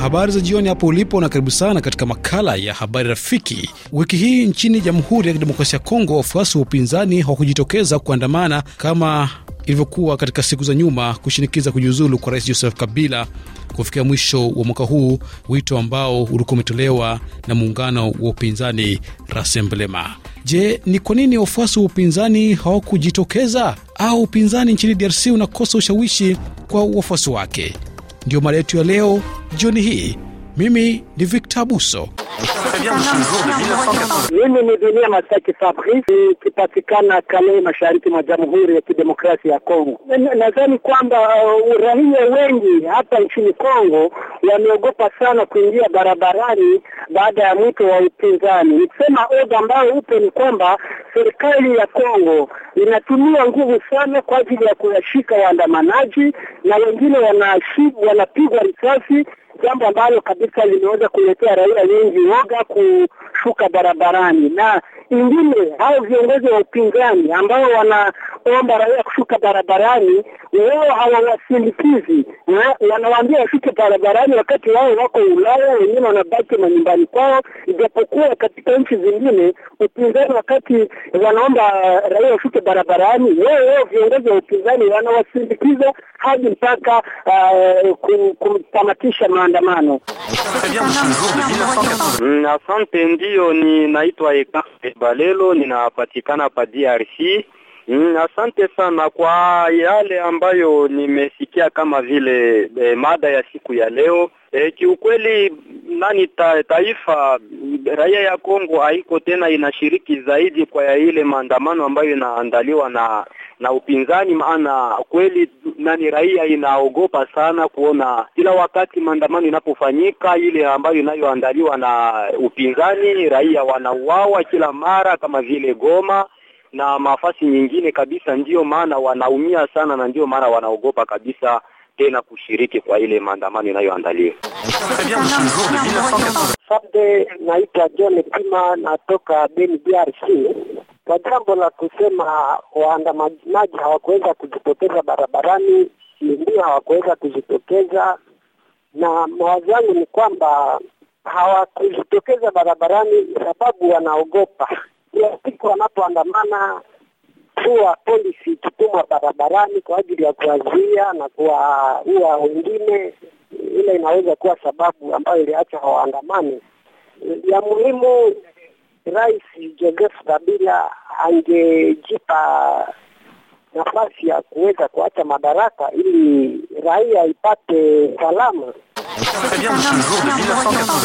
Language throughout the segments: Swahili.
Habari za jioni hapo ulipo, na karibu sana katika makala ya habari rafiki. Wiki hii nchini Jamhuri ya Kidemokrasia ya Kongo, wafuasi wa upinzani hawakujitokeza kuandamana kama ilivyokuwa katika siku za nyuma kushinikiza kujiuzulu kwa Rais Joseph Kabila kufikia mwisho wa mwaka huu, wito ambao ulikuwa umetolewa na muungano wa upinzani Rassemblement. Je, ni kwa nini wafuasi wa upinzani hawakujitokeza, au upinzani nchini DRC unakosa ushawishi kwa wafuasi wake? Ndio mada yetu ya leo jioni hii mimi ni Victor Buso. Mimi ni Dunia Masaki Fabrice, ikipatikana Kale, mashariki mwa Jamhuri ya Kidemokrasia ya Kongo. Nadhani kwamba uh, urahia wengi hapa nchini Kongo wameogopa sana kuingia barabarani baada ya mwito wa upinzani. kusema oga ambayo upe ni kwamba serikali ya Kongo inatumia nguvu sana kwa ajili ya kuyashika waandamanaji na wengine wanapigwa risasi jambo ambalo kabisa limeweza kuletea raia wengi woga kushuka barabarani, na ingine hao viongozi wa upinzani ambao wanaomba raia kushuka barabarani, wao hawawasindikizi, wanawaambia washuke barabarani wakati wao wako Ulaya, wengine wanabaki manyumbani kwao, ijapokuwa katika nchi zingine upinzani wakati wanaomba raia washuke barabarani, wao wao viongozi wa upinzani wanawasindikiza hadi mpaka uh, ah, kumtamatisha ma maandamano. Mm, asante, ndiyo, ninaitwa Ekase Balelo, ninapatikana pa DRC. Mm, asante sana kwa yale ambayo nimesikia kama vile e, mada ya siku ya leo e, kiukweli nani ta, taifa raia ya Kongo haiko tena inashiriki zaidi kwa ile maandamano ambayo inaandaliwa na na upinzani, maana kweli nani raia inaogopa sana kuona kila wakati maandamano inapofanyika ile ambayo inayoandaliwa na upinzani, raia wanauawa kila mara kama vile Goma na mafasi nyingine kabisa. Ndiyo maana wanaumia sana na ndiyo maana wanaogopa kabisa tena kushiriki kwa ile maandamano inayoandaliwa. Sabde naitwa John Pima, natoka Beni DRC. Kwa jambo la kusema waandamanaji hawakuweza kujitokeza barabarani, ndio hawakuweza kujitokeza, na mawazo yangu ni kwamba hawakujitokeza barabarani sababu wanaogopa kila siku wanapoandamana kuwa polisi ikitumwa barabarani kwa ajili ya kuwazuia na kuwaua wengine, ile inaweza kuwa sababu ambayo iliacha hawaandamani. Ya muhimu Rais Joseph Kabila angejipa nafasi ya kuweza kuacha madaraka ili raia ipate salama.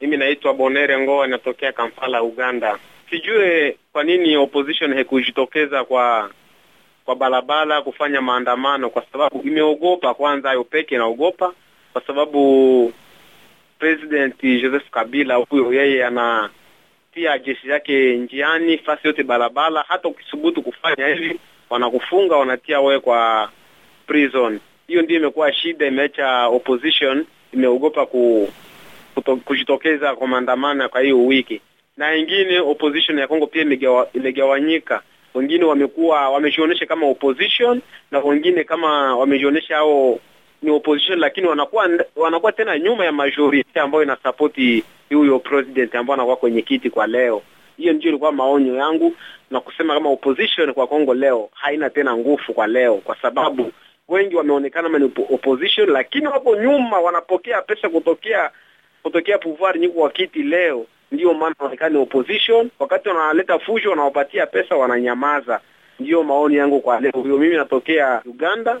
Mimi naitwa Bonere Ngoa, natokea Kampala, Uganda. Sijue kwa nini opposition haikujitokeza kwa kwa barabara kufanya maandamano, kwa sababu imeogopa kwanza, hayo peke inaogopa, kwa sababu President Joseph Kabila huyo yeye ana pia jeshi yake njiani, fasi yote barabara. Hata ukisubutu kufanya hivi, wanakufunga wanatia wewe kwa prison. Hiyo ndio imekuwa shida, imeacha opposition imeogopa ku, kujitokeza kwa maandamano kwa hiyo wiki, na ingine opposition ya Kongo pia imegawanyika wengine wamekuwa wamejionyesha kama opposition na wengine kama wamejionyesha hao ni opposition, lakini wanakuwa wanakuwa tena nyuma ya majority ambayo inasapoti huyo president ambaye anakuwa kwenye kiti kwa leo. Hiyo ndio ilikuwa maonyo yangu na kusema kama opposition kwa Kongo leo haina tena nguvu kwa leo, kwa sababu wengi wameonekana kama ni opposition, lakini wapo nyuma, wanapokea pesa kutokea kutokea pouvoir nyiko wa kiti leo. Ndio maana wanaonekana opposition, wakati wanaleta fujo wanawapatia pesa, wananyamaza. Ndiyo maoni yangu kwa leo. Huyo mimi natokea Uganda.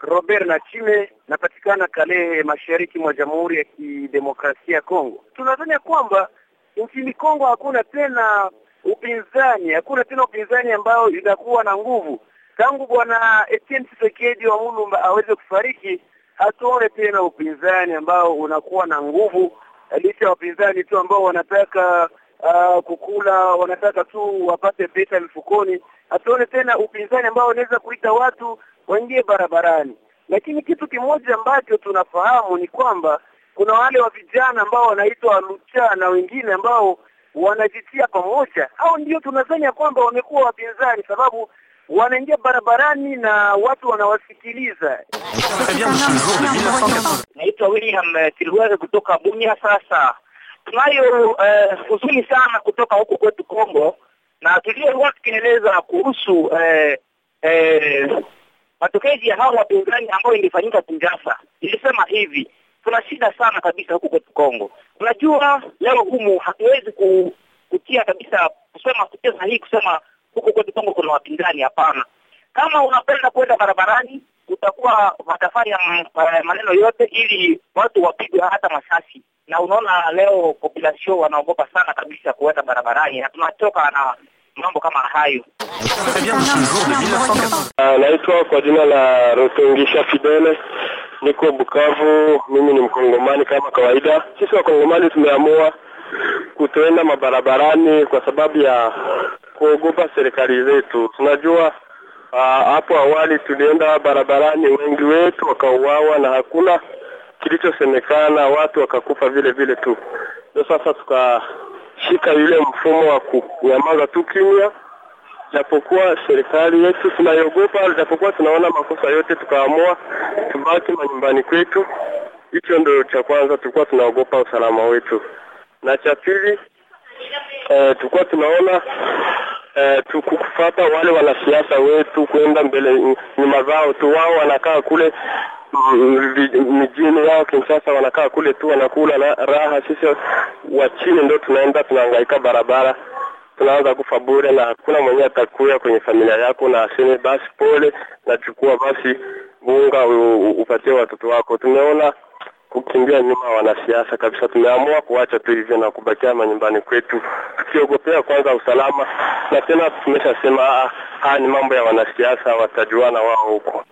Robert Nachime, napatikana Kalehe, mashariki mwa Jamhuri ya Kidemokrasia ya Kongo. Tunadhania kwamba nchini Kongo hakuna tena upinzani, hakuna tena upinzani ambayo itakuwa na nguvu tangu bwana Etienne Tshisekedi wa Mulumba aweze kufariki. Hatuone tena upinzani ambao unakuwa na nguvu, licha ya wapinzani tu ambao wanataka uh, kukula, wanataka tu wapate pesa mfukoni hatuone tena upinzani ambao unaweza kuita watu waingie barabarani. Lakini kitu kimoja ambacho tunafahamu ni kwamba kuna wale wa vijana ambao wanaitwa Lucha na wengine ambao wanajitia pamoja, au ndio tunazania kwamba wamekuwa wapinzani, sababu wanaingia barabarani na watu wanawasikiliza. Naitwa William Silwege eh, kutoka bunya Sasa tunayo eh, huzuni uh, sana kutoka huko kwetu Kongo na tuliokuwa tukieleza kuhusu eh, eh, matokezi ya hao wapinzani ambayo ilifanyika Kinshasa, ilisema hivi, tuna shida sana kabisa huko kwetu Kongo. Unajua leo humu hatuwezi kutia kabisa kusema kucheza hii kusema huko kwetu Kongo kuna wapinzani, hapana. Kama unapenda kwenda barabarani kutakuwa watafanya maneno yote ili watu wapigwe hata masasi, na unaona leo population wanaogopa sana kabisa kuweka barabarani, na tunatoka na mambo kama hayo. Ah, naitwa kwa jina la Rutungisha Fidele, niko Bukavu. Mimi ni mkongomani kama kawaida. Sisi wakongomani tumeamua kutoenda mabarabarani kwa sababu ya kuogopa serikali zetu. Tunajua Ah, hapo awali tulienda barabarani, wengi wetu wakauawa na hakuna kilichosemekana, watu wakakufa vile vile tu. Ndio sasa tukashika yule mfumo wa kunyamaza tu kimya, japokuwa serikali yetu tunaiogopa, japokuwa tunaona makosa yote, tukaamua tubaki manyumbani kwetu. Hicho ndio cha kwanza, tulikuwa tunaogopa usalama wetu, na cha pili uh, tulikuwa tunaona eh, kufata wale wanasiasa wetu kwenda mbele nyuma zao tu, wao wanakaa kule mm, mijini yao Kinshasa, wanakaa kule tu wanakula na raha. Sisi wa chini ndio tunaenda tunahangaika barabara, tunaanza kufa bure, na hakuna mwenye atakuya kwenye familia yako na aseme basi pole, nachukua basi bunga upatie watoto wako. Tumeona kukimbia nyuma wanasiasa kabisa. Tumeamua kuacha tu hivyo na kubakia manyumbani kwetu, tukiogopea kwanza usalama, na tena tumeshasema ah, haya ni mambo ya wanasiasa, watajuana wao huko.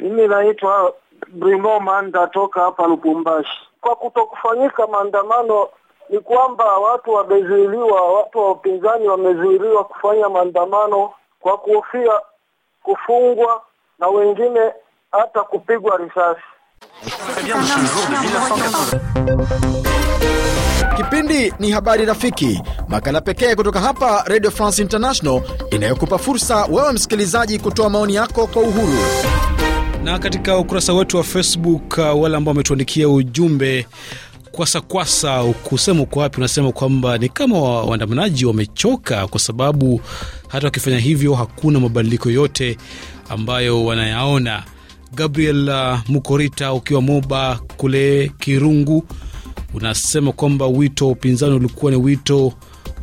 Mimi naitwa Brimo Manda toka hapa Lubumbashi. Kwa kutokufanyika maandamano ni kwamba watu wamezuiliwa, watu wa upinzani wamezuiliwa kufanya maandamano kwa kuhofia kufungwa na wengine hata kupigwa risasi. Kipindi ni Habari Rafiki, makala pekee kutoka hapa Radio France International inayokupa fursa wewe msikilizaji kutoa maoni yako kwa uhuru. Na katika ukurasa wetu wa Facebook, uh, wale ambao wametuandikia ujumbe kwasakwasa kusema uko wapi, unasema kwamba ni kama waandamanaji wamechoka, kwa sababu hata wakifanya hivyo hakuna mabadiliko yote ambayo wanayaona. Gabriel uh, Mukorita, ukiwa Moba kule Kirungu, unasema kwamba wito wa upinzani ulikuwa ni wito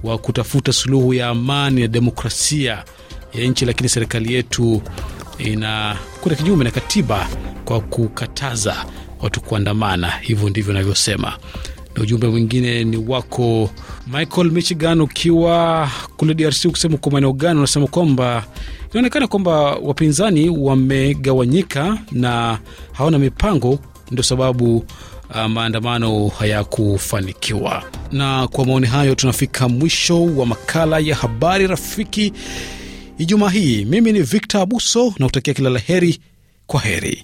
wa kutafuta suluhu ya amani na demokrasia ya nchi, lakini serikali yetu inakwenda kinyume na katiba kwa kukataza watu kuandamana. Hivyo ndivyo navyosema. Na ujumbe mwingine ni wako Michael Michigan, ukiwa kule DRC, ukisema kwa maeneo gani, unasema kwamba inaonekana kwamba wapinzani wamegawanyika na hawana mipango, ndio sababu maandamano ah, maandamano hayakufanikiwa. Na kwa maoni hayo, tunafika mwisho wa makala ya habari rafiki Ijumaa hii. Mimi ni Victor Abuso na kutakia kila la heri. Kwa heri.